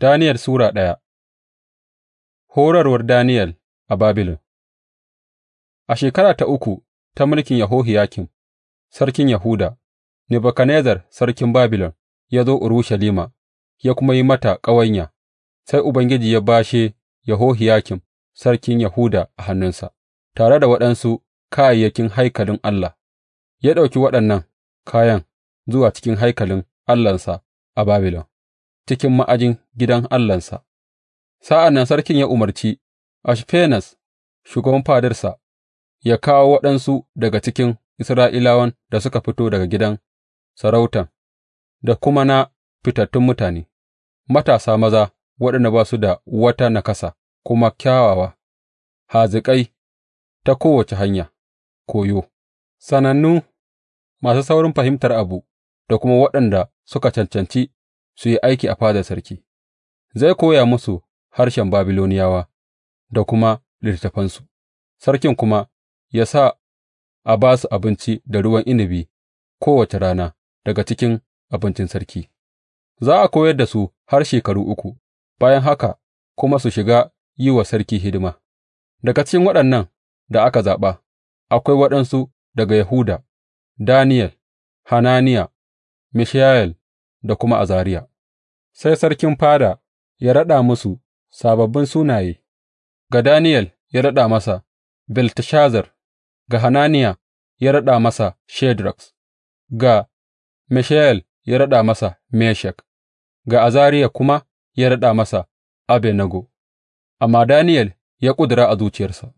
Daniyel Sura ɗaya. Horarwar Daniyel a Babilon A shekara ta uku ta mulkin yahohiyakim sarkin Yahuda, Nebukadnezzar sarkin Babilon ya zo Urushalima ya kuma yi mata ƙawanya, sai Ubangiji ya bashe yahohiyakim sarkin Yahuda a hannunsa, tare da waɗansu kayayyakin haikalin Allah, ya ɗauki waɗannan kayan zuwa cikin haikalin Allahnsa a Babilon. cikin ma'ajin gidan Allahnsa. Sa'an nan sarkin ya umarci Ashfenaz, shugaban fadarsa, ya kawo waɗansu daga cikin Isra'ilawan da suka fito daga gidan sarautan da kuma na fitattun mutane, matasa maza waɗanda ba su da wata nakasa kuma kyawawa, haziƙai ta kowace hanya, koyo, sanannu masu saurin fahimtar abu da kuma waɗanda suka cancanci su yi aiki a fadar sarki, zai koya musu harshen Babiloniyawa da kuma littattafansu, sarkin kuma ya sa a ba su abinci da ruwan inabi kowace rana daga cikin abincin sarki, za a koyar da su har shekaru uku, bayan haka kuma su shiga yi wa sarki hidima. Daga cikin waɗannan da aka zaɓa, akwai waɗansu daga Yahuda, daniel Hananiya, Mishayel da kuma a Zariya, sai sarkin fada ya raɗa musu sababbin sunaye, ga Daniyel ya raɗa masa Belteshazar, ga Hananiya ya raɗa masa Shadrach, ga Mishael ya raɗa masa Meshach, ga Azariya kuma ya raɗa masa Abednego, amma Daniyel ya ƙudura a zuciyarsa,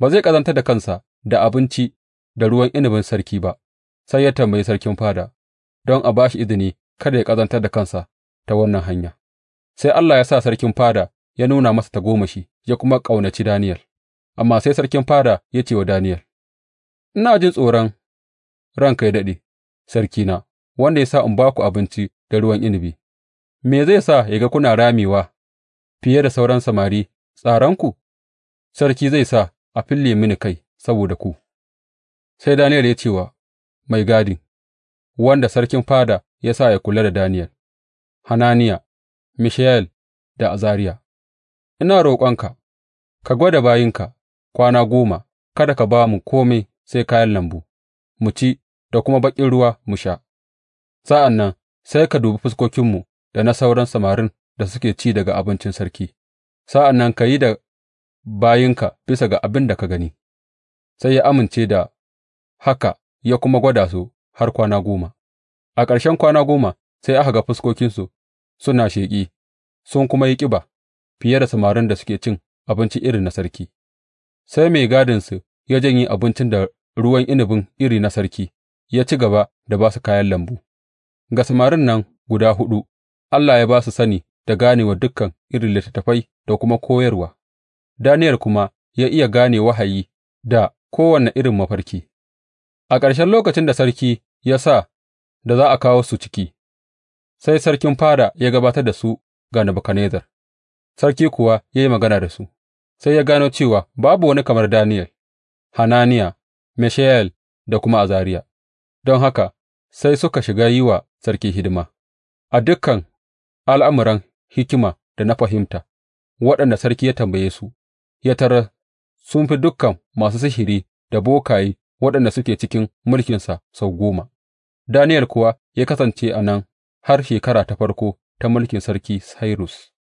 ba zai ƙazanta da kansa da abinci da ruwan inabin sarki ba, sai ya tambayi sarkin fada don a ba shi izini kada ya ƙazantar da kansa ta wannan hanya, sai Allah ya sa sarkin fada ya nuna masa tagomashi ya kuma ƙaunaci Daniyel, amma sai sarkin fada ya ce wa Daniyel, Ina jin tsoron ranka ya daɗe, sarkina, wanda ya sa in ba ku abinci da ruwan inibi me zai sa ya ga kuna ramewa fiye da sauran samari tsaranku? Sarki zai sa a fille mini kai saboda ku. Sai Daniyel ya ce wa mai gadi. wanda sarkin fada ya sa ya kula da Daniyel, Hananiya, Mishayel da Azariya, ina roƙonka, ka gwada bayinka kwana goma, kada ka ba mu kome sai kayan lambu, mu ci da kuma baƙin ruwa mu sha, sa'an nan sai ka dubi fuskokinmu da na sauran samarin da suke ci daga abincin sarki, sa'an nan ka yi da bayinka bisa ga abin da ka gani. Sai ya amince da haka ya kuma gwada su har kwana goma. A ƙarshen kwana goma sai aka ga fuskokinsu suna sheƙi sun kuma yi ƙiba fiye da samarin da suke cin abinci irin na sarki, sai mai gadinsu ya janye abincin da ruwan inabin iri na sarki ya ci gaba da ba su kayan lambu. Ga samarin nan guda huɗu, Allah ya ba su sani da ganewa dukkan irin littattafai da kuma koyarwa, Daniyel kuma ya iya gane wahayi da kowane irin mafarki. A ƙarshen lokacin da sarki ya sa da za a kawo su ciki, sai sarkin fada ya gabatar da su ga Nebukadnezzar, sarki kuwa ya yi magana da su, sai ya gano cewa babu wani kamar Daniyel, Hananiya, Mishayel da kuma Azariya, don haka sai suka shiga yi wa sarki hidima a dukan al'amuran hikima da na fahimta, waɗanda sarki ya tambaye su, ya tara sun fi dukkan masu sihiri da bokaye waɗanda suke cikin mulkinsa sau goma. Daniyel kuwa ya kasance a nan har shekara ta farko ta mulkin Sarki Sairus.